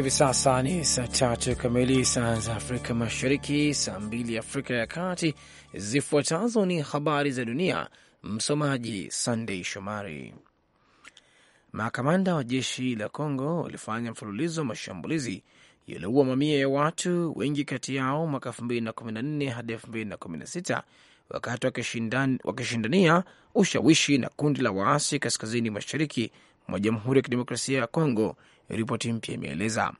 Hivi sasa ni saa tatu kamili saa za Afrika Mashariki, saa mbili Afrika ya Kati. Zifuatazo ni habari za dunia, msomaji Sandei Shomari. Makamanda wa jeshi la congo walifanya mfululizo wa mashambulizi yaliyoua mamia ya watu, wengi kati yao mwaka nne hadi sita wakati wakishindania ushawishi na kundi la waasi kaskazini mashariki mwa Jamhuri ya Kidemokrasia ya Kongo ripoti mpya imeeleza.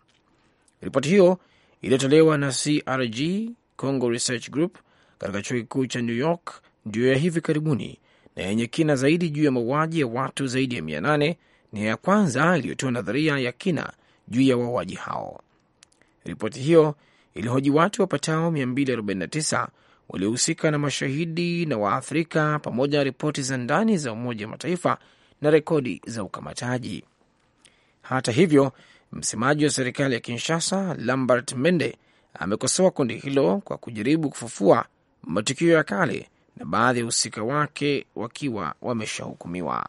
Ripoti hiyo iliyotolewa na CRG Congo Research Group katika chuo kikuu cha New York ndiyo ya hivi karibuni na yenye kina zaidi juu ya mauaji ya watu zaidi ya mia nane ni ya kwanza iliyotoa nadharia ya kina juu ya wauaji hao. Ripoti hiyo ilihoji watu wapatao 249 waliohusika na mashahidi na waathirika pamoja na ripoti za ndani za Umoja wa Mataifa na rekodi za ukamataji. Hata hivyo, msemaji wa serikali ya Kinshasa Lambert Mende amekosoa kundi hilo kwa kujaribu kufufua matukio ya kale na baadhi ya wahusika wake wakiwa wameshahukumiwa.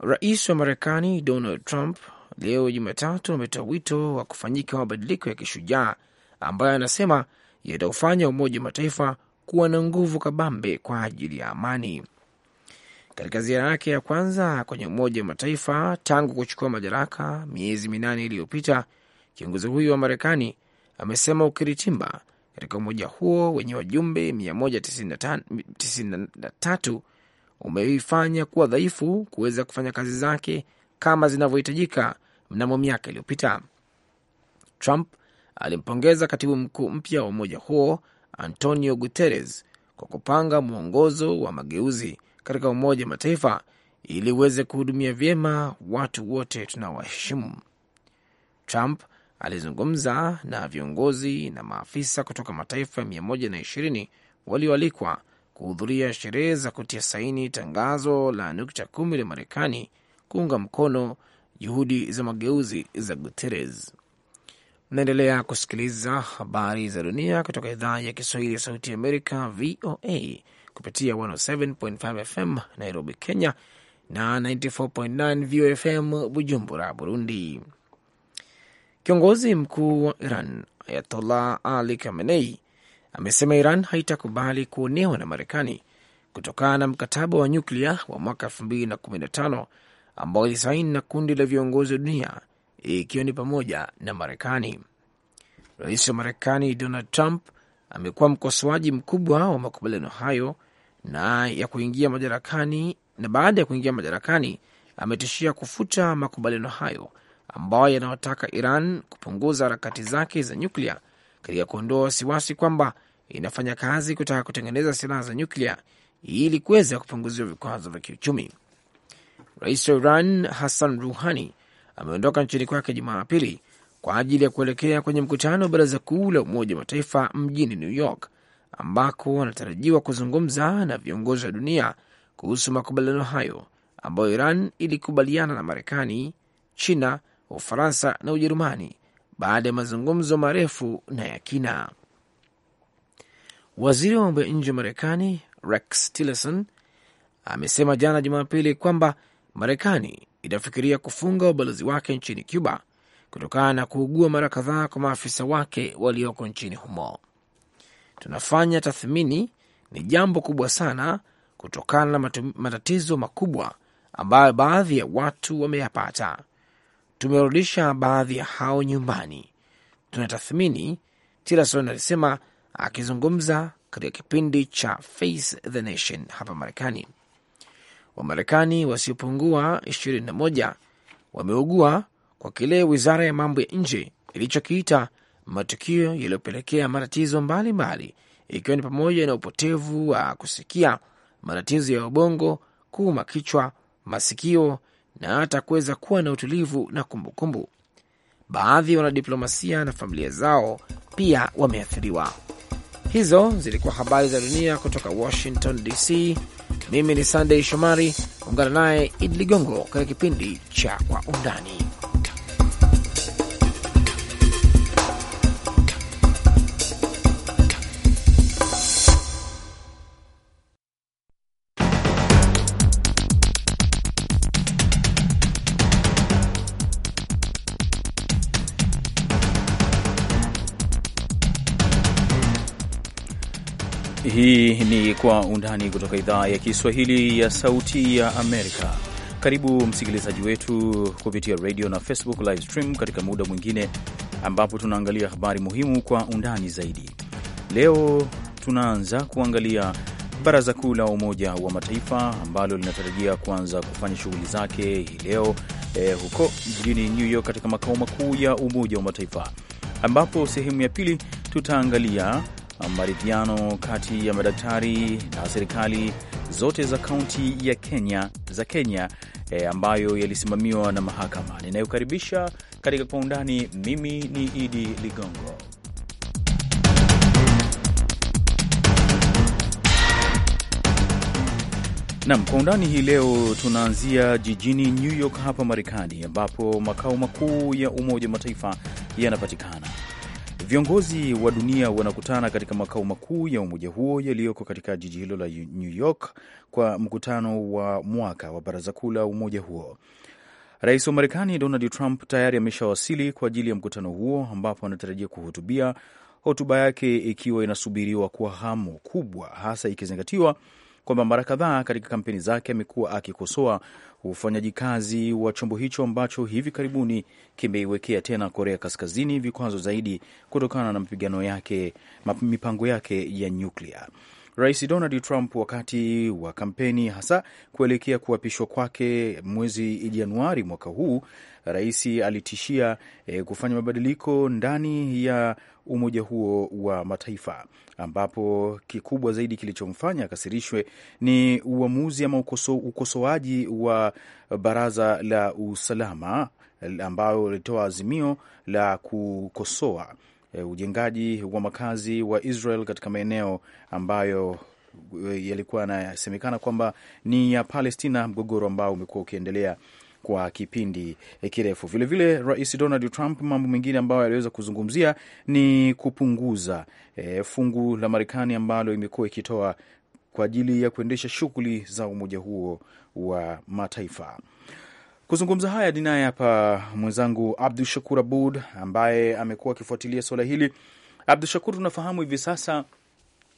Rais wa Marekani Donald Trump leo Jumatatu ametoa wito wa kufanyika mabadiliko ya kishujaa ambayo anasema yataufanya Umoja wa Mataifa kuwa na nguvu kabambe kwa ajili ya amani katika ziara yake ya kwanza kwenye Umoja wa Mataifa tangu kuchukua madaraka miezi minane iliyopita. Kiongozi huyo wa Marekani amesema ukiritimba katika umoja huo wenye wajumbe 193 umeifanya kuwa dhaifu kuweza kufanya kazi zake kama zinavyohitajika mnamo miaka iliyopita. Trump alimpongeza katibu mkuu mpya wa umoja huo Antonio Guterres kwa kupanga mwongozo wa mageuzi katika Umoja wa Mataifa ili uweze kuhudumia vyema watu wote tunawaheshimu. Trump alizungumza na viongozi na maafisa kutoka mataifa 120 walioalikwa kuhudhuria sherehe za kutia saini tangazo la nukta kumi la Marekani kuunga mkono juhudi za mageuzi za Guterres. Mnaendelea kusikiliza habari za dunia kutoka idhaa ya Kiswahili ya Sauti ya Amerika, VOA, kupitia 107.5 FM Nairobi, Kenya na 94.9 VOFM Bujumbura, Burundi. Kiongozi mkuu wa Iran Ayatollah Ali Khamenei amesema Iran haitakubali kuonewa na Marekani kutokana na mkataba wa nyuklia wa mwaka 2015 ambao ilisaini na kundi la viongozi wa dunia ikiwa ni pamoja na Marekani. Rais wa Marekani Donald Trump amekuwa mkosoaji mkubwa wa makubaliano hayo na ya kuingia madarakani, na baada ya kuingia madarakani ametishia kufuta makubaliano hayo ambayo yanayotaka Iran kupunguza harakati zake za nyuklia katika kuondoa wasiwasi kwamba inafanya kazi kutaka kutengeneza silaha za nyuklia ili kuweza kupunguziwa vikwazo vya kiuchumi. Rais wa Iran Hassan Ruhani ameondoka nchini kwake jumaa pili kwa ajili ya kuelekea kwenye mkutano wa baraza kuu la Umoja wa Mataifa mjini New York ambako wanatarajiwa kuzungumza na viongozi wa dunia kuhusu makubaliano hayo ambayo Iran ilikubaliana na Marekani, China, Ufaransa na Ujerumani baada ya mazungumzo marefu na ya kina. Waziri wa mambo ya nje wa Marekani Rex Tillerson amesema jana Jumapili kwamba Marekani inafikiria kufunga ubalozi wake nchini Cuba kutokana na kuugua mara kadhaa kwa maafisa wake walioko nchini humo. Tunafanya tathmini, ni jambo kubwa sana kutokana na matatizo makubwa ambayo baadhi ya watu wameyapata. Tumerudisha baadhi ya hao nyumbani, tunatathmini, Tillerson alisema akizungumza katika kipindi cha Face the Nation hapa Marekani. Wamarekani wasiopungua 21 wameugua kwa kile wizara ya mambo ya nje ilichokiita matukio yaliyopelekea matatizo mbalimbali, ikiwa ni pamoja na upotevu wa kusikia, matatizo ya ubongo, kuuma kichwa, masikio na hata kuweza kuwa na utulivu na kumbukumbu Baadhi ya wanadiplomasia na familia zao pia wameathiriwa. Hizo zilikuwa habari za dunia kutoka Washington DC. Mimi ni Sandey Shomari, ungana naye Idi Ligongo katika kipindi cha Kwa Undani. Hii ni Kwa Undani kutoka idhaa ya Kiswahili ya Sauti ya Amerika. Karibu msikilizaji wetu kupitia radio na Facebook live stream katika muda mwingine ambapo tunaangalia habari muhimu kwa undani zaidi. Leo tunaanza kuangalia Baraza Kuu la Umoja wa Mataifa ambalo linatarajia kuanza kufanya shughuli zake hii leo eh, huko jijini New York katika makao makuu ya Umoja wa Mataifa, ambapo sehemu ya pili tutaangalia maridhiano kati ya madaktari na serikali zote za kaunti ya Kenya, za Kenya e, ambayo yalisimamiwa na mahakama. Ninayokaribisha katika Kwa Undani, mimi ni Idi Ligongo. Nam, kwa undani hii leo tunaanzia jijini New York hapa Marekani, ambapo makao makuu ya Umoja wa Mataifa yanapatikana. Viongozi wa dunia wanakutana katika makao makuu ya umoja huo yaliyoko katika jiji hilo la New York kwa mkutano wa mwaka wa baraza kuu la umoja huo. Rais wa Marekani Donald Trump tayari ameshawasili kwa ajili ya mkutano huo ambapo anatarajia kuhutubia, hotuba yake ikiwa inasubiriwa kwa hamu kubwa, hasa ikizingatiwa kwamba mara kadhaa katika kampeni zake amekuwa akikosoa ufanyaji kazi wa chombo hicho ambacho hivi karibuni kimeiwekea tena Korea Kaskazini vikwazo zaidi kutokana na mapigano yake, mipango yake ya nyuklia. Rais Donald Trump wakati wa kampeni, hasa kuelekea kuapishwa kwake mwezi Januari mwaka huu, rais alitishia e, kufanya mabadiliko ndani ya umoja huo wa Mataifa, ambapo kikubwa zaidi kilichomfanya akasirishwe ni uamuzi ama ukoso, ukosoaji wa baraza la usalama ambayo ilitoa azimio la kukosoa e, ujengaji wa makazi wa Israel katika maeneo ambayo eh, yalikuwa yanasemekana kwamba ni ya Palestina, mgogoro ambao umekuwa ukiendelea kwa kipindi eh, kirefu. Vilevile Rais Donald Trump, mambo mengine ambayo aliweza kuzungumzia ni kupunguza e, fungu la Marekani ambalo imekuwa ikitoa kwa ajili ya kuendesha shughuli za umoja huo wa mataifa. Kuzungumza haya ni naye hapa mwenzangu Abdu Shakur Abud ambaye amekuwa akifuatilia swala hili. Abdu Shakur, tunafahamu hivi sasa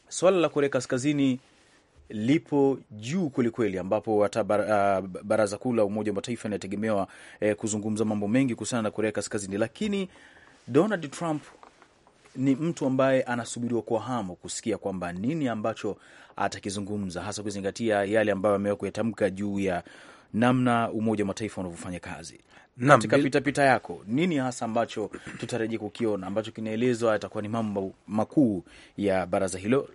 swala la Korea Kaskazini lipo juu kwelikweli, ambapo hata ah, Baraza Kuu la Umoja wa Mataifa inategemewa eh, kuzungumza mambo mengi kuhusiana na Korea Kaskazini, lakini Donald Trump ni mtu ambaye anasubiriwa kwa hamu kusikia kwamba nini ambacho atakizungumza, hasa kuzingatia yale ambayo amewahi kuyatamka juu ya namna Umoja wa Mataifa unavyofanya kazi katika pitapita yako, nini hasa ambacho tutarajia kukiona ambacho kinaelezwa yatakuwa ni mambo makuu ya baraza hilo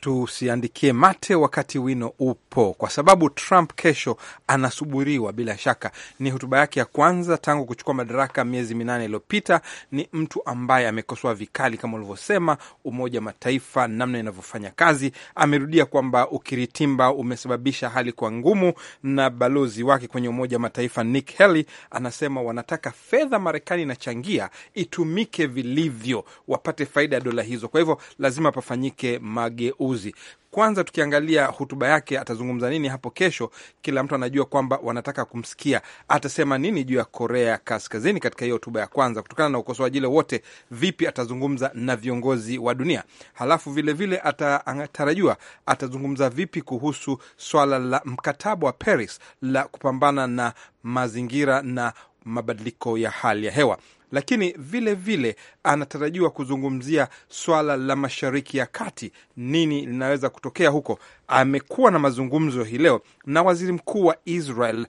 tusiandikie mate wakati wino upo, kwa sababu Trump kesho anasuburiwa. Bila shaka ni hotuba yake ya kwanza tangu kuchukua madaraka miezi minane iliyopita. Ni mtu ambaye amekosoa vikali, kama ulivyosema, Umoja wa Mataifa, namna inavyofanya kazi. Amerudia kwamba ukiritimba umesababisha hali kwa ngumu, na balozi wake kwenye Umoja wa Mataifa Nick Haley anasema wanataka fedha Marekani inachangia itumike vilivyo, wapate faida ya dola hizo. Kwa hivyo lazima pafanyike mageuzi uzi Kwanza tukiangalia hotuba yake, atazungumza nini hapo kesho? Kila mtu anajua kwamba wanataka kumsikia atasema nini juu ya Korea Kaskazini katika hiyo hotuba ya kwanza, kutokana na ukosoaji ile wote, vipi atazungumza na viongozi wa dunia. Halafu vilevile atatarajiwa atazungumza vipi kuhusu swala la mkataba wa Paris la kupambana na mazingira na mabadiliko ya hali ya hewa lakini vile vile anatarajiwa kuzungumzia swala la Mashariki ya Kati, nini linaweza kutokea huko. Amekuwa na mazungumzo hii leo na waziri mkuu wa Israel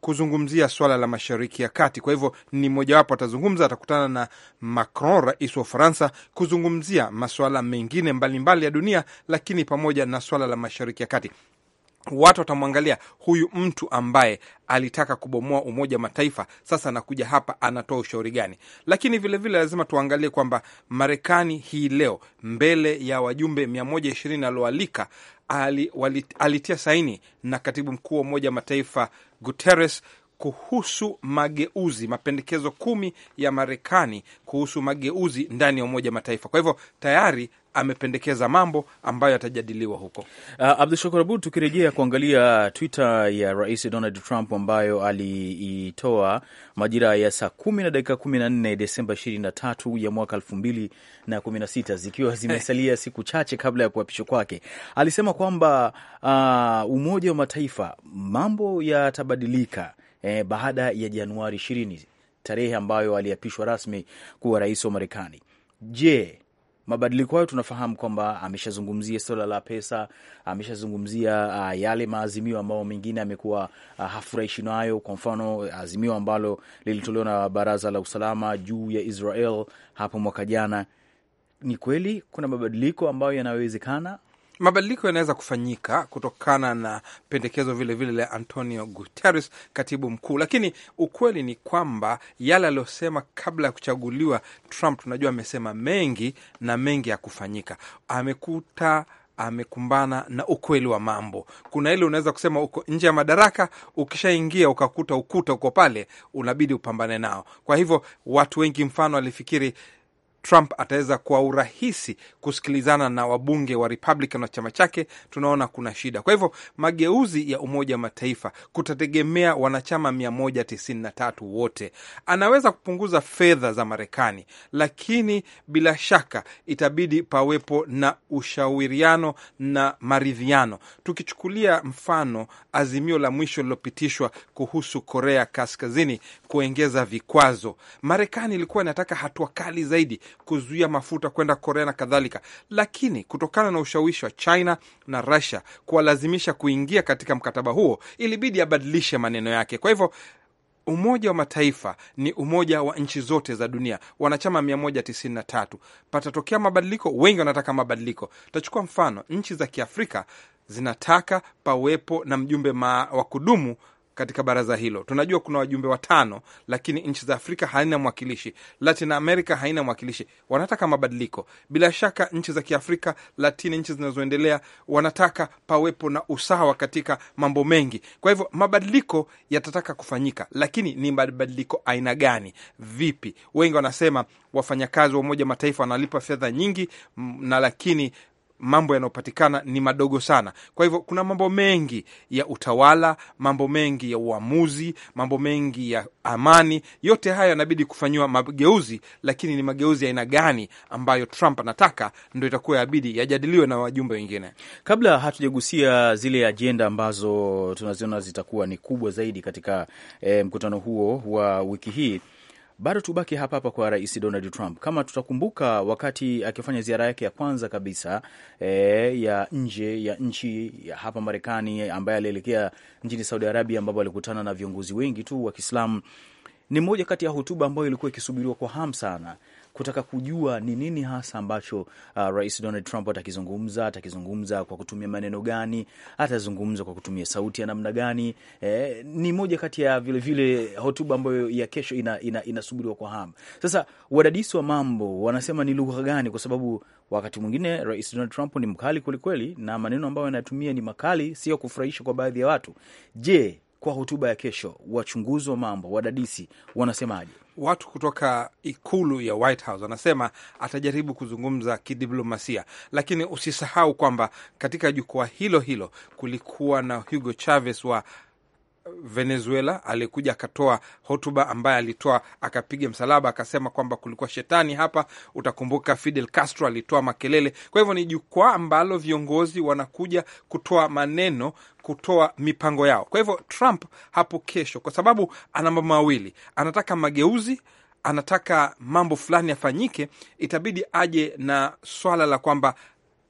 kuzungumzia swala la Mashariki ya Kati. Kwa hivyo ni mojawapo atazungumza, atakutana na Macron, rais wa Ufaransa, kuzungumzia masuala mengine mbalimbali mbali ya dunia, lakini pamoja na swala la Mashariki ya Kati watu watamwangalia huyu mtu ambaye alitaka kubomoa Umoja wa Mataifa, sasa anakuja hapa anatoa ushauri gani? Lakini vilevile vile lazima tuangalie kwamba Marekani hii leo mbele ya wajumbe ishirini alioalika ali, alitia saini na katibu mkuu wa Umoja wa Mataifa Guterres kuhusu mageuzi, mapendekezo kumi ya Marekani kuhusu mageuzi ndani ya Umoja wa Mataifa. Kwa hivyo tayari amependekeza mambo ambayo yatajadiliwa huko. Uh, Abdu Shakur Abud, tukirejea kuangalia Twitter ya Rais Donald Trump ambayo aliitoa majira ya saa kumi na dakika kumi na nne Desemba ishirini na tatu ya mwaka elfu mbili na kumi na sita zikiwa zimesalia siku chache kabla ya kuapishwa kwake, alisema kwamba uh, Umoja wa Mataifa mambo yatabadilika eh, baada ya Januari ishirini, tarehe ambayo aliapishwa rasmi kuwa rais wa Marekani. Je, mabadiliko hayo tunafahamu kwamba ameshazungumzia swala la pesa, ameshazungumzia uh, yale maazimio ambayo mengine amekuwa uh, hafurahishi nayo. Kwa mfano azimio ambalo lilitolewa na Baraza la Usalama juu ya Israel hapo mwaka jana. Ni kweli kuna mabadiliko ambayo yanawezekana Mabadiliko yanaweza kufanyika kutokana na pendekezo vilevile la Antonio Guterres, katibu mkuu. Lakini ukweli ni kwamba yale aliyosema kabla ya kuchaguliwa Trump, tunajua amesema mengi na mengi ya kufanyika, amekuta amekumbana na ukweli wa mambo. Kuna ile unaweza kusema uko nje ya madaraka, ukishaingia ukakuta ukuta uko pale, unabidi upambane nao. Kwa hivyo watu wengi, mfano, alifikiri Trump ataweza kwa urahisi kusikilizana na wabunge wa Republican wa chama chake, tunaona kuna shida. Kwa hivyo mageuzi ya Umoja wa Mataifa kutategemea wanachama 193 wote. Anaweza kupunguza fedha za Marekani, lakini bila shaka itabidi pawepo na ushawiriano na maridhiano. Tukichukulia mfano azimio la mwisho lilopitishwa kuhusu Korea Kaskazini kuengeza vikwazo, Marekani ilikuwa inataka hatua kali zaidi kuzuia mafuta kwenda Korea na kadhalika, lakini kutokana na ushawishi wa China na Russia kuwalazimisha kuingia katika mkataba huo, ilibidi abadilishe maneno yake. Kwa hivyo Umoja wa Mataifa ni umoja wa nchi zote za dunia, wanachama 193. Patatokea mabadiliko, wengi wanataka mabadiliko. tachukua mfano, nchi za Kiafrika zinataka pawepo na mjumbe wa kudumu katika baraza hilo. Tunajua kuna wajumbe watano, lakini nchi za Afrika haina mwakilishi, Latin America haina mwakilishi. Wanataka mabadiliko bila shaka. Nchi za Kiafrika Latini, nchi zinazoendelea, wanataka pawepo na usawa katika mambo mengi. Kwa hivyo mabadiliko yatataka kufanyika, lakini ni mabadiliko aina gani? Vipi? Wengi wanasema wafanyakazi wa Umoja Mataifa wanalipa fedha nyingi na lakini mambo yanayopatikana ni madogo sana. Kwa hivyo kuna mambo mengi ya utawala, mambo mengi ya uamuzi, mambo mengi ya amani. Yote haya yanabidi kufanyiwa mageuzi, lakini ni mageuzi ya aina gani ambayo Trump anataka, ndo itakuwa yabidi yajadiliwe na wajumbe wengine. Kabla hatujagusia zile ajenda ambazo tunaziona zitakuwa ni kubwa zaidi katika eh, mkutano huo wa wiki hii bado tubaki hapa hapa kwa Rais Donald Trump. Kama tutakumbuka, wakati akifanya ziara yake ya kwanza kabisa e, ya nje ya nchi ya hapa Marekani, ambaye alielekea nchini Saudi Arabia, ambapo alikutana na viongozi wengi tu wa Kiislamu ni moja kati ya hotuba ambayo ilikuwa ikisubiriwa kwa hamu sana kutaka kujua ni nini hasa ambacho uh, Rais Donald Trump atakizungumza. Atakizungumza kwa kutumia maneno gani? Atazungumza kwa kutumia sauti ya namna gani? Eh, ni moja kati ya vilevile hotuba ambayo ya kesho inasubiriwa ina, ina kwa hamu. Sasa wadadisi wa mambo wanasema ni lugha gani, kwa sababu wakati mwingine Rais Donald Trump ni mkali kwelikweli na maneno ambayo anatumia ni makali, sio kufurahisha kwa baadhi ya watu. Je, kwa hotuba ya kesho, wachunguzi wa mambo, wadadisi wanasemaje? Watu kutoka ikulu ya White House wanasema atajaribu kuzungumza kidiplomasia, lakini usisahau kwamba katika jukwaa hilo hilo kulikuwa na Hugo Chavez wa Venezuela alikuja akatoa hotuba ambaye alitoa akapiga msalaba, akasema kwamba kulikuwa shetani hapa. Utakumbuka Fidel Castro alitoa makelele. Kwa hivyo ni jukwaa ambalo viongozi wanakuja kutoa maneno, kutoa mipango yao. Kwa hivyo Trump hapo kesho, kwa sababu ana mambo mawili, anataka mageuzi anataka mambo fulani yafanyike, itabidi aje na swala la kwamba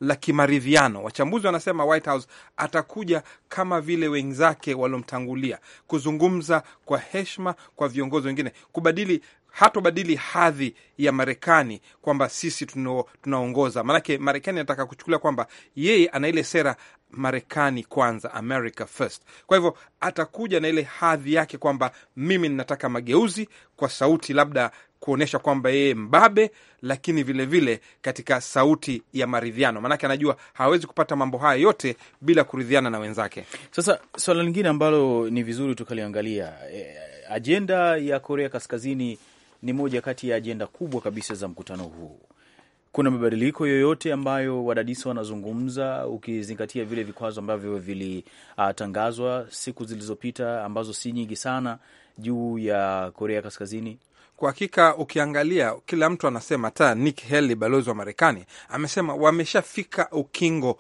la kimaridhiano. Wachambuzi wanasema White House atakuja kama vile wenzake waliomtangulia, kuzungumza kwa heshima kwa viongozi wengine, kubadili hatobadili hadhi ya Marekani kwamba sisi tunaongoza. Maanake Marekani anataka kuchukulia kwamba yeye ana ile sera Marekani kwanza, America first. Kwa hivyo atakuja na ile hadhi yake kwamba mimi ninataka mageuzi kwa sauti, labda kuonyesha kwamba yeye mbabe, lakini vilevile vile katika sauti ya maridhiano, maanake anajua hawezi kupata mambo haya yote bila kuridhiana na wenzake. Sasa swala lingine ambalo ni vizuri tukaliangalia, e, ajenda ya Korea Kaskazini ni moja kati ya ajenda kubwa kabisa za mkutano huu. Kuna mabadiliko yoyote ambayo wadadisi wanazungumza, ukizingatia vile vikwazo ambavyo vilitangazwa uh, siku zilizopita ambazo si nyingi sana juu ya Korea Kaskazini? Kwa hakika ukiangalia kila mtu anasema, hata nik Haley balozi wa Marekani amesema wameshafika ukingo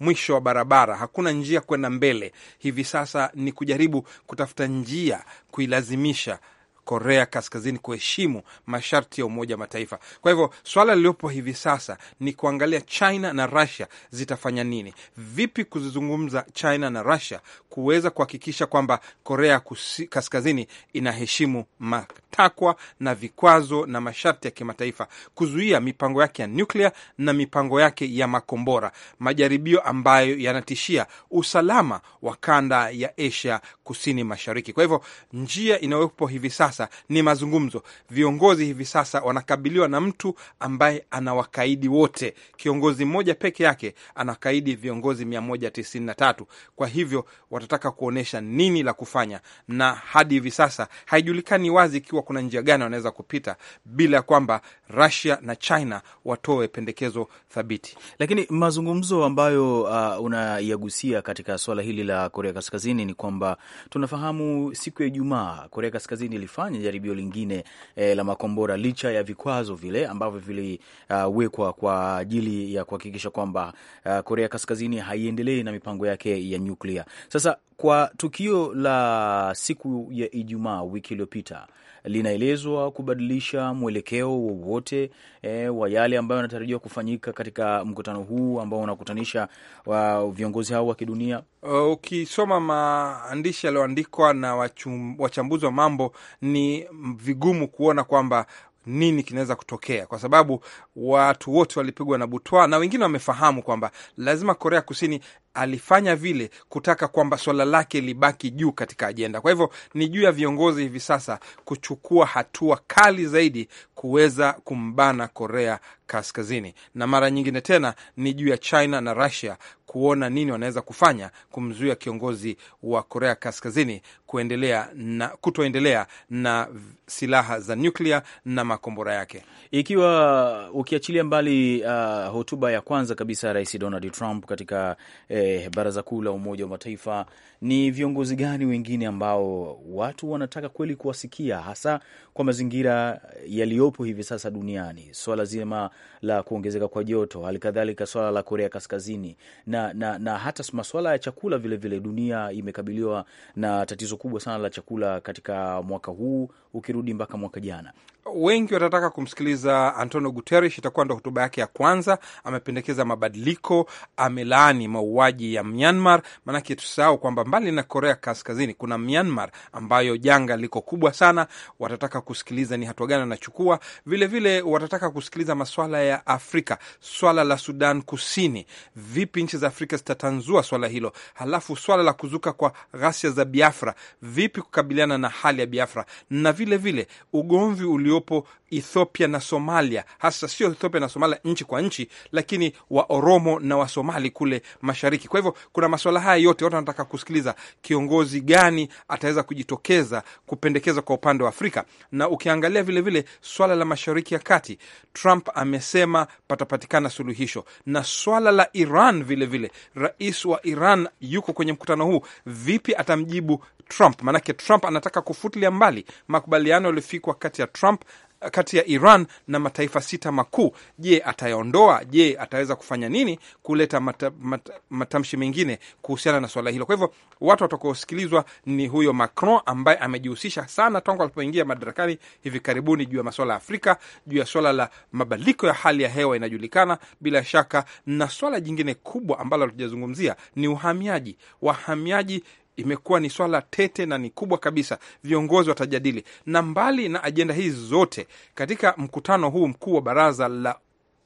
mwisho wa barabara, hakuna njia kwenda mbele. Hivi sasa ni kujaribu kutafuta njia kuilazimisha Korea Kaskazini kuheshimu masharti ya Umoja wa Mataifa. Kwa hivyo swala liliopo hivi sasa ni kuangalia China na Russia zitafanya nini, vipi kuzizungumza China na Russia kuweza kuhakikisha kwamba Korea Kaskazini inaheshimu matakwa na vikwazo na masharti ya kimataifa, kuzuia mipango yake ya nyuklia na mipango yake ya makombora, majaribio ambayo yanatishia usalama wa kanda ya Asia Kusini Mashariki. Kwa hivyo njia inayopo hivi sasa sasa ni mazungumzo. Viongozi hivi sasa wanakabiliwa na mtu ambaye anawakaidi wote. Kiongozi mmoja peke yake anakaidi viongozi 193. Kwa hivyo watataka kuonyesha nini la kufanya, na hadi hivi sasa haijulikani wazi ikiwa kuna njia gani wanaweza kupita bila ya kwamba Russia na China watoe pendekezo thabiti. Lakini mazungumzo ambayo uh, unayagusia katika swala hili la Korea Kaskazini ni kwamba tunafahamu siku ya Ijumaa Korea Kaskazini ilifanya kufanya jaribio lingine e, la makombora licha ya vikwazo vile ambavyo viliwekwa uh, kwa ajili ya kuhakikisha kwamba uh, Korea Kaskazini haiendelei na mipango yake ya nyuklia. Sasa kwa tukio la siku ya Ijumaa wiki iliyopita linaelezwa kubadilisha mwelekeo wowote e, wa yale ambayo yanatarajiwa kufanyika katika mkutano huu ambao unakutanisha wa viongozi hao wa kidunia? Uh, ukisoma uh, okay, maandishi yaliyoandikwa na wachum, wachambuzi wa mambo ni vigumu kuona kwamba nini kinaweza kutokea kwa sababu watu wote walipigwa na butwa na wengine wamefahamu kwamba lazima Korea Kusini alifanya vile kutaka kwamba swala lake libaki juu katika ajenda. Kwa hivyo ni juu ya viongozi hivi sasa kuchukua hatua kali zaidi kuweza kumbana Korea Kaskazini, na mara nyingine tena ni juu ya China na Russia kuona nini wanaweza kufanya kumzuia kiongozi wa Korea Kaskazini kuendelea na kutoendelea na silaha za nyuklia na makombora yake, ikiwa ukiachilia mbali uh, hotuba ya kwanza kabisa ya Rais Donald Trump katika eh, Baraza Kuu la Umoja wa Mataifa, ni viongozi gani wengine ambao watu wanataka kweli kuwasikia, hasa kwa mazingira yaliyopo hivi sasa duniani, swala zima la kuongezeka kwa joto, hali kadhalika swala la Korea Kaskazini na, na, na hata maswala ya chakula vilevile vile. Dunia imekabiliwa na tatizo kubwa sana la chakula katika mwaka huu ukirudi mpaka mwaka jana wengi watataka kumsikiliza Antonio Guterres. Itakuwa ndo hotuba yake ya kwanza. Amependekeza mabadiliko, amelaani mauaji ya Myanmar. Maanake tusahau kwamba mbali na Korea Kaskazini kuna Myanmar ambayo janga liko kubwa sana. Watataka kusikiliza ni hatua gani anachukua. Vilevile watataka kusikiliza maswala ya Afrika, swala la Sudan Kusini, vipi nchi za Afrika zitatanzua swala hilo, halafu swala la kuzuka kwa ghasia za Biafra, vipi kukabiliana na hali ya Biafra na vilevile ugomvi ulio waliopo Ethiopia na Somalia, hasa sio Ethiopia na Somalia nchi kwa nchi, lakini wa Oromo na wa Somali kule mashariki. Kwa hivyo kuna masuala haya yote, watu wanataka kusikiliza kiongozi gani ataweza kujitokeza kupendekeza kwa upande wa Afrika. Na ukiangalia vilevile vile, swala la mashariki ya kati, Trump amesema patapatikana suluhisho, na swala la Iran vilevile vile. Rais wa Iran yuko kwenye mkutano huu, vipi atamjibu Trump, maanake Trump anataka kufutilia mbali makubaliano yaliyofikwa kati ya Trump kati ya Iran na mataifa sita makuu. Je, atayaondoa? Je, ataweza kufanya nini kuleta mata, mat, matamshi mengine kuhusiana na swala hilo? Kwa hivyo watu watakaosikilizwa ni huyo Macron ambaye amejihusisha sana tangu alipoingia madarakani hivi karibuni juu ya maswala ya Afrika, juu ya swala la mabadiliko ya hali ya hewa inajulikana bila shaka, na swala jingine kubwa ambalo hatujazungumzia ni uhamiaji. Wahamiaji imekuwa ni swala tete na ni kubwa kabisa, viongozi watajadili. Na mbali na ajenda hizi zote, katika mkutano huu mkuu wa baraza la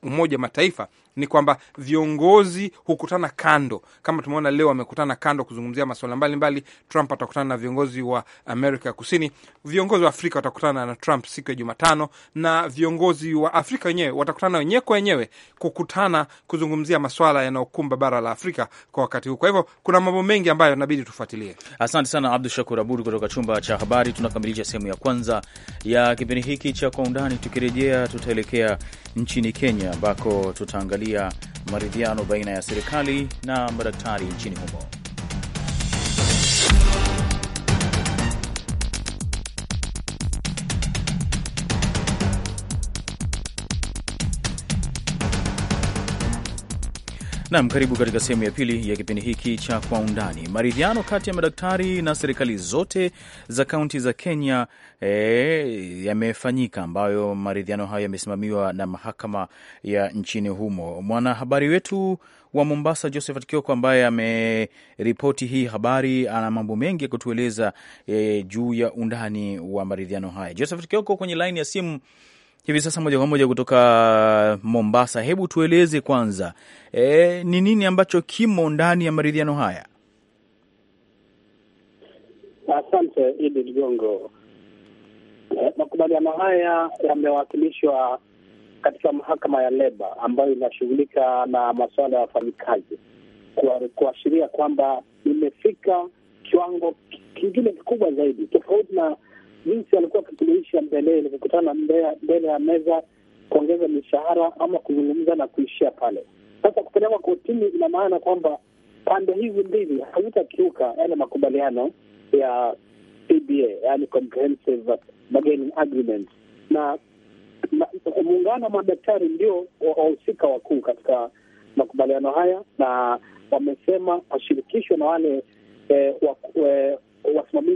Umoja Mataifa ni kwamba viongozi hukutana kando, kama tumeona leo wamekutana kando kuzungumzia masuala mbalimbali. Trump atakutana na viongozi wa Amerika ya Kusini, viongozi wa Afrika watakutana na Trump siku ya Jumatano, na viongozi wa Afrika wenyewe watakutana wenyewe kwa wenyewe kukutana kuzungumzia maswala yanayokumba bara la Afrika kwa wakati huu. Kwa hivyo kuna mambo mengi ambayo inabidi tufuatilie. Asante sana Abdu Shakur Abud kutoka chumba cha habari. Tunakamilisha sehemu ya kwanza ya kipindi hiki cha Kwa Undani. Tukirejea tutaelekea nchini Kenya ambako tutaangalia kuangalia maridhiano baina ya serikali na madaktari nchini humo. Nam, karibu katika sehemu ya pili ya kipindi hiki cha Kwa Undani. Maridhiano kati ya madaktari na serikali zote za kaunti za Kenya e, yamefanyika, ambayo maridhiano hayo yamesimamiwa na mahakama ya nchini humo. Mwanahabari wetu wa Mombasa Josephat Kioko, ambaye ameripoti hii habari, ana mambo mengi ya kutueleza e, juu ya undani wa maridhiano haya. Josephat Kioko kwenye laini ya simu hivi sasa moja kwa moja kutoka Mombasa. Hebu tueleze kwanza e, ni nini ambacho kimo ndani ya maridhiano haya? Asante Idi Ligongo. E, makubaliano haya yamewakilishwa katika mahakama ya leba ambayo inashughulika na masuala ya wafanyikazi, kuashiria kwamba imefika kiwango kingine kikubwa zaidi tofauti na jinsi walikuwa wakisuluhisha mbeleni, kukutana mbele ya meza, kuongeza mishahara ama kuzungumza na kuishia pale. Sasa kupelekwa kotini, ina maana kwamba pande hizi mbili hazitakiuka yale makubaliano ya CBA, yani comprehensive bargaining agreement, na muungano wa madaktari ndio wahusika wakuu katika makubaliano haya, na wamesema washirikishwe na wale eh, eh wasimamizi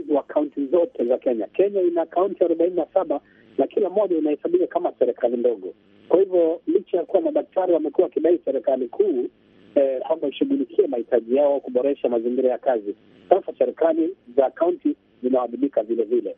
kaunti zote za Kenya. Kenya ina kaunti arobaini na saba na kila moja inahesabika kama serikali ndogo. Kwa hivyo licha ya kuwa madaktari wamekuwa wakidai serikali kuu eh, kwamba eh, ishughulikie mahitaji yao, kuboresha mazingira ya kazi, sasa serikali za kaunti zinawajibika vile vile.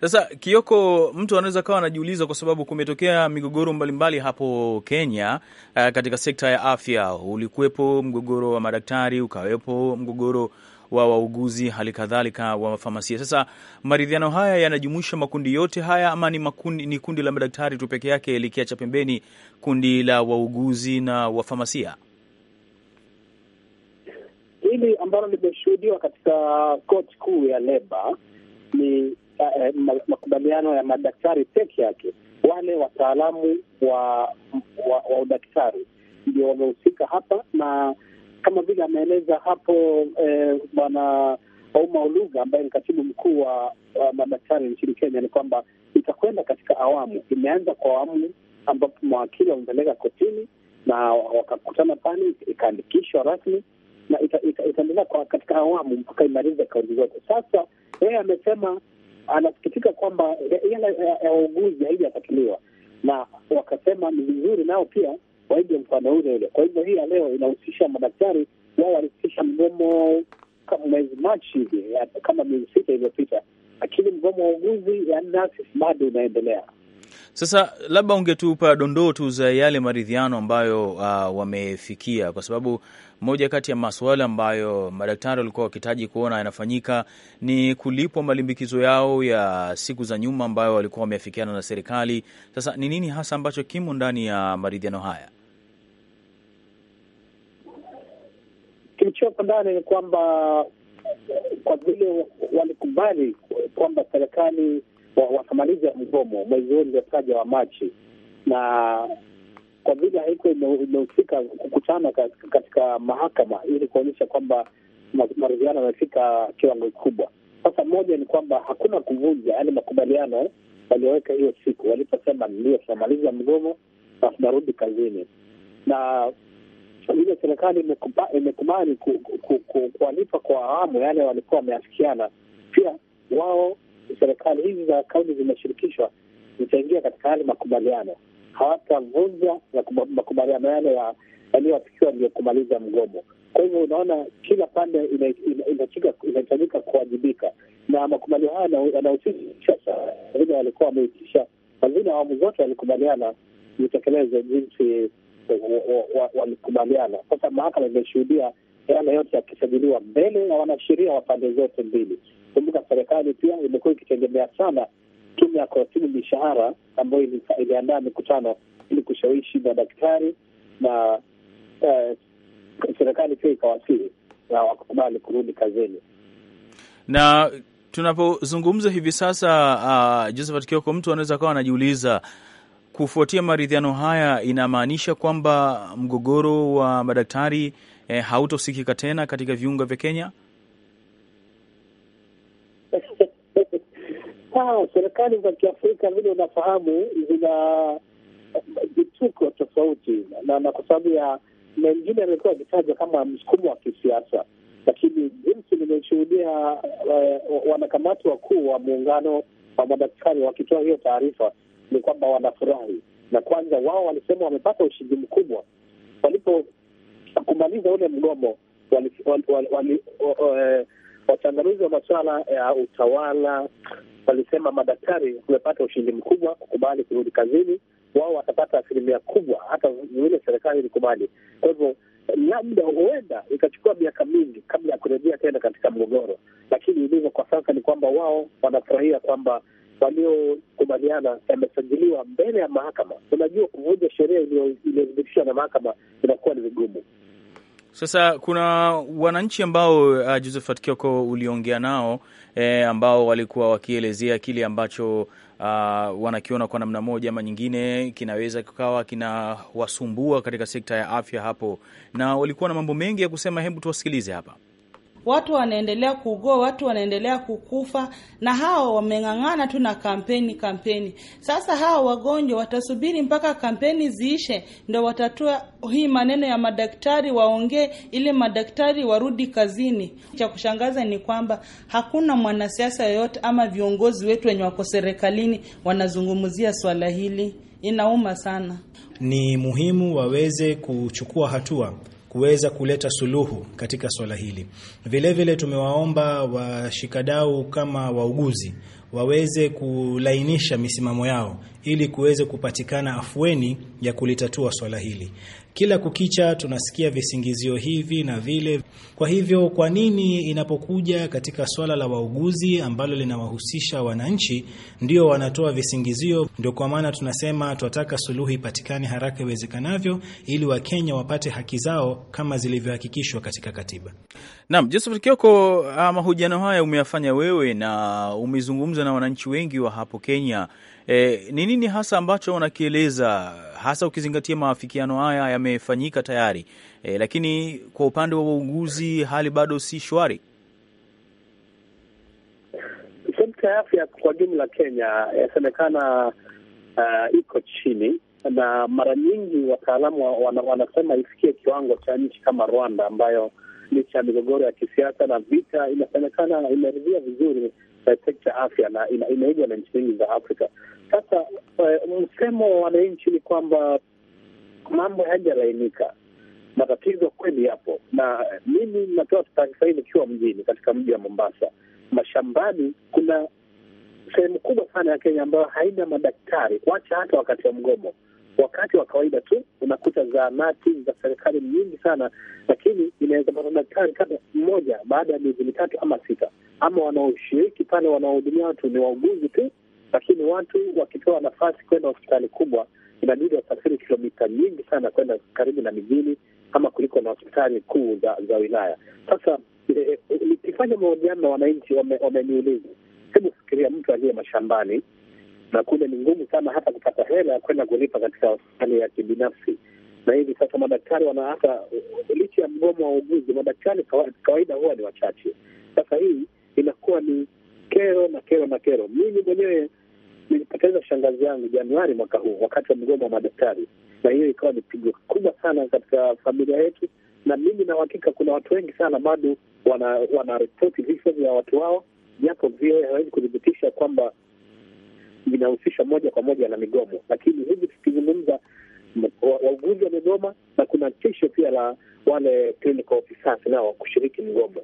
Sasa Kioko, mtu anaweza kawa anajiuliza kwa sababu kumetokea migogoro mbalimbali hapo Kenya. Uh, katika sekta ya afya ulikuwepo mgogoro wa madaktari, ukawepo mgogoro wa wauguzi, hali kadhalika wa famasia. Sasa maridhiano haya yanajumuisha makundi yote haya ama ni makundi, ni kundi la madaktari tu peke yake likiacha pembeni kundi la wauguzi na wafamasia? Hili ambalo limeshuhudiwa katika koti kuu ya leba ni eh, makubaliano ya madaktari peke yake. Wale wataalamu wa wa, wa udaktari ndio wamehusika hapa na kama vile ameeleza hapo eh, bwana Ouma ambaye ni katibu mkuu wa madaktari nchini Kenya, ni kwamba itakwenda katika awamu. Imeanza kwa awamu ambapo mawakili wamepeleka kotini na wakakutana pale, ikaandikishwa rasmi na itaendelea ita, ita katika awamu mpaka imalize kaunti zote. Sasa yeye amesema anasikitika kwamba yale ya wauguzi haijafatiliwa, na wakasema ni vizuri nao pia waige mfano ule ule. Kwa hivyo hii ya leo inahusisha madaktari, wao walifikisha mgomo kama mwezi Machi hivi, kama miezi sita iliyopita, lakini mgomo wa uguzi yani bado unaendelea. Sasa labda ungetupa dondoo tu za yale maridhiano ambayo uh, wamefikia, kwa sababu moja kati ya masuala ambayo madaktari walikuwa wakihitaji kuona yanafanyika ni kulipwa malimbikizo yao ya siku za nyuma ambayo walikuwa wameafikiana na serikali. Sasa ni nini hasa ambacho kimo ndani ya maridhiano haya? Kilichoko ndani ni kwamba kwa vile walikubali kwamba serikali watamaliza mgomo mwezi huu uliotaja wa Machi, na kwa vile haiko imehusika kukutana katika mahakama ili kuonyesha kwamba maridhiano yamefika kiwango kikubwa. Sasa moja ni kwamba hakuna kuvunja yale yaani makubaliano walioweka hiyo siku waliposema, ndio tunamaliza mgomo na tunarudi kazini na vile serikali imekubali kuwalipa kwa awamu yale walikuwa wameafikiana. Pia wao serikali hizi za kaunti zimeshirikishwa, zitaingia katika yale makubaliano, hawatavunja makubaliano yale yaliyoafikiwa ndio kumaliza mgomo. Kwa hivyo unaona, kila pande inahitajika kuwajibika, na makubaliano haya yanahusisha vile walikuwa wameitisha, wazina awamu zote walikubaliana zitekelezwe jinsi wote wamekubaliana. Sasa mahakama imeshuhudia yale yote yakisajiliwa mbele ya wanasheria wa pande zote mbili. Kumbuka serikali pia imekuwa ikitegemea sana tume ya kuratibu mishahara ambayo iliandaa mikutano ili kushawishi madaktari na eh, serikali pia ikawasili na wakubali kurudi kazini na tunapozungumza hivi sasa uh, Josephat Kioko, mtu anaweza akawa anajiuliza kufuatia maridhiano haya inamaanisha kwamba mgogoro wa madaktari e, hautosikika tena katika viunga vya Kenya? Serikali za Kiafrika vile unafahamu zina eh, vituko tofauti, na kwa sababu ya mengine amekuwa akitaja kama msukumo wa kisiasa, lakini jinsi nimeshuhudia eh, wanakamati wakuu wa muungano wa madaktari wakitoa hiyo taarifa ni kwamba wanafurahi, na kwanza wao walisema wamepata ushindi mkubwa. Walipokumaliza ule mgomo, e, wachanganuzi wa masuala ya utawala walisema madaktari wamepata ushindi mkubwa kukubali kurudi kazini, wao watapata asilimia kubwa, hata vile serikali ilikubali. Kwa hivyo labda huenda ikachukua miaka mingi kabla ya kurejea tena katika mgogoro, lakini ilivyo kwa sasa ni kwamba wao wanafurahia kwamba waliokubaliana yamesajiliwa mbele ya mahakama. Unajua, kuvunja sheria iliyothibitishwa na mahakama inakuwa ni vigumu. Sasa kuna wananchi ambao uh, Josephat Kioko uliongea nao eh, ambao walikuwa wakielezea kile ambacho uh, wanakiona kwa namna moja ama nyingine kinaweza kukawa kinawasumbua katika sekta ya afya hapo, na walikuwa na mambo mengi ya kusema. Hebu tuwasikilize hapa watu wanaendelea kuugua, watu wanaendelea kukufa, na hao wameng'ang'ana tu na kampeni kampeni. Sasa hao wagonjwa watasubiri mpaka kampeni ziishe, ndo watatua hii maneno ya madaktari waongee, ili madaktari warudi kazini. Cha kushangaza ni kwamba hakuna mwanasiasa yoyote ama viongozi wetu wenye wako serikalini wanazungumzia swala hili. Inauma sana. Ni muhimu waweze kuchukua hatua kuweza kuleta suluhu katika swala hili. Vilevile vile tumewaomba washikadau kama wauguzi waweze kulainisha misimamo yao ili kuweze kupatikana afueni ya kulitatua swala hili. Kila kukicha tunasikia visingizio hivi na vile. Kwa hivyo, kwa nini inapokuja katika swala la wauguzi ambalo linawahusisha wananchi ndio wanatoa visingizio? Ndio kwa maana tunasema tunataka suluhu ipatikane haraka iwezekanavyo, ili Wakenya wapate haki zao kama zilivyohakikishwa katika katiba. Naam, Joseph Kioko, ah, mahojiano haya umeyafanya wewe na umezungumza na wananchi wengi wa hapo Kenya Eh, ni nini hasa ambacho wanakieleza hasa ukizingatia maafikiano haya yamefanyika tayari e, lakini kwa upande wa wauguzi hali bado si shwari. Sekta ya afya kwa jumla Kenya yasemekana uh, iko chini na mara nyingi wataalamu wana, wanasema ifikie kiwango cha nchi kama Rwanda ambayo licha ya migogoro ya kisiasa na vita inasemekana imeridhia vizuri Eh, sekta ya afya na imeigwa na nchi nyingi za Afrika. Sasa eh, msemo wa wananchi ni kwamba mambo hayajalainika, matatizo kweli yapo, na eh, mimi natoa taarifa hii nikiwa mjini, katika mji wa Mombasa, mashambani kuna sehemu kubwa sana ya Kenya ambayo haina madaktari, kuacha hata wakati wa mgomo wakati wa kawaida tu unakuta zahanati za serikali nyingi sana, lakini inaweza pata daktari kama mmoja baada ya miezi mitatu ama sita, ama wanaoshiriki pale wanaohudumia watu ni wauguzi tu, lakini watu wakipewa nafasi kwenda hospitali kubwa inabidi wasafiri kilomita nyingi sana kwenda karibu na mijini ama kuliko na hospitali kuu za za wilaya. Sasa nikifanya eh, eh, eh, mahojiano na wananchi wameniuliza, hebu fikiria mtu aliye mashambani na kule ni ngumu sana hata kupata hela ya kwenda kulipa katika hospitali ya kibinafsi. Na hivi sasa madaktari wanaasa licha ya mgomo wa uguzi, madaktari kawaida huwa ni wachache. Sasa hii inakuwa ni kero na kero na kero. Mimi mwenyewe nilipoteza shangazi yangu Januari mwaka huu wakati wa mgomo wa madaktari, na hiyo ikawa ni pigo kubwa sana katika familia yetu, na mimi na uhakika kuna watu wengi sana bado wanaripoti wana vifo vya watu wao, japo vio hawezi kuthibitisha kwamba vinahusisha moja kwa moja na migomo, lakini hivi tukizungumza, wauguzi wa migoma na kuna tisho pia la wale clinical officers nao kushiriki migomo.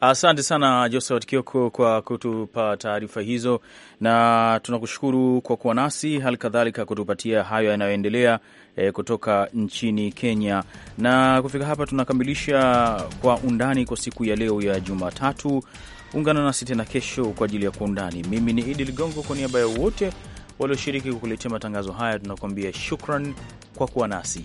Asante sana Josephat Kioko kwa kutupa taarifa hizo, na tunakushukuru kwa kuwa nasi, hali kadhalika kutupatia hayo yanayoendelea e, kutoka nchini Kenya. Na kufika hapa tunakamilisha Kwa Undani kwa siku ya leo ya Jumatatu. Ungana nasi tena kesho kwa ajili ya Kwa Undani. Mimi ni Idi Ligongo, kwa niaba ya wote walioshiriki kukuletea matangazo haya tunakuambia shukran kwa kuwa nasi.